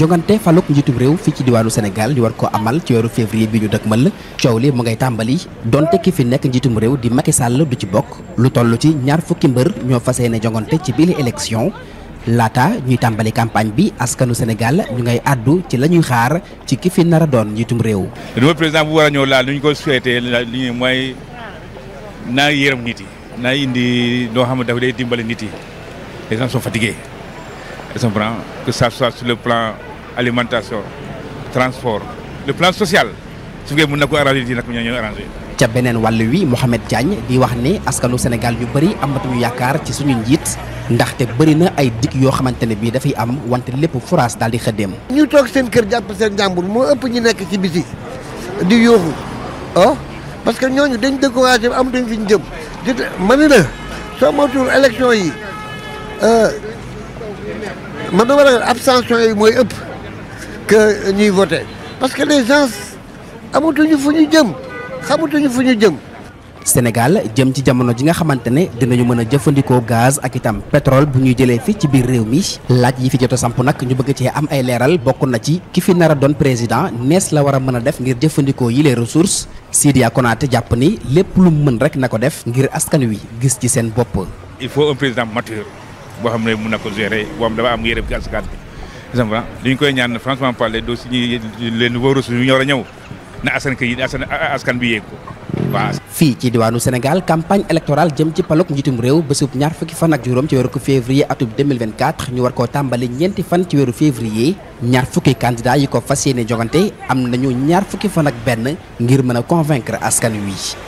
jongante faluk njiitum réew fii ci diwaanu senegal ñu war ko amal ci weeru février bi ñu dëkkmal coow li mu ngay tàmbali donte ki fi nekk njiitum réew di Macky Sall du ci bokk lu toll ci ñaar fukki mbër ñoo fas yéene jongante ci biir élection laata ñuy tàmbali campagne bi askanu senegal ñu ngay àddu ci lañuy xaar ci ki fi nar doon njiitum réew. le président bu war a laal ni ko souhaité li mooy naa yërëm nit yi. naay indi loo xam ne dafa day dimbale nit yi les gens sont fatigués ils sont prend que ça soit sur le plan alimentation transport mën na ko arrangé di nag ñoo ñoo arrangé ca beneen wàll wi Mouhamed Diagne di wax ni askanu Sénégal yu am amatuñu yaakaar ci suñu njiit ndaxte bëri na ay dig yoo xamante ne bii dafay am wante lépp forage daal di xëddeem ñu toog seen kër jàpp seen jàmbur moo ëpp ñu nekk ci biti di yooxu oh parce que ñooñu dañ découragé amatuñ fi ñu jëm di ma ni la soo moytuwul élection yi euh, man dama ragal abstention yi mooy ëpp que ñuy voté parce que les gens amatuñu fu ñu jëm xamatuñu fu ñu jëm Sénégal jëm ci jamono ji nga xamante ne dinañu mën a jëfandikoo gaz ak itam pétrole bu ñuy jëlee fi ci biir réew mi laaj yi fi jot samp nag ñu bëgg cee am ay leeral bokk na ci ki fi nar doon président nees la war a mën a def ngir jëfandikoo yi les ressources Sidya Konaté jàpp ni lépp lu mu mën rek na ko def ngir askan wi gis ci seen bopp. il faut un président mature boo xam ne mun na ko gérer boo xam dafa am yërëb ci askan bi. exemple ñu koy ñaan franchement parler doo si les nouveaux ressources yu ñu war a ñëw na askan yi askan bi yéeg fii ci diwaanu Sénégal campagne électorale jëm ci palok njiitum réew bésub ñaar fukki fan ak juróom ci weeru ko février atub 2024 ñu war koo tàmbali ñeenti fan ci weeru février ñaar fukki candidat yi ko fas yéene jogante am nañu ñaar fukki fan ak benn ngir mën a convaincre askan wi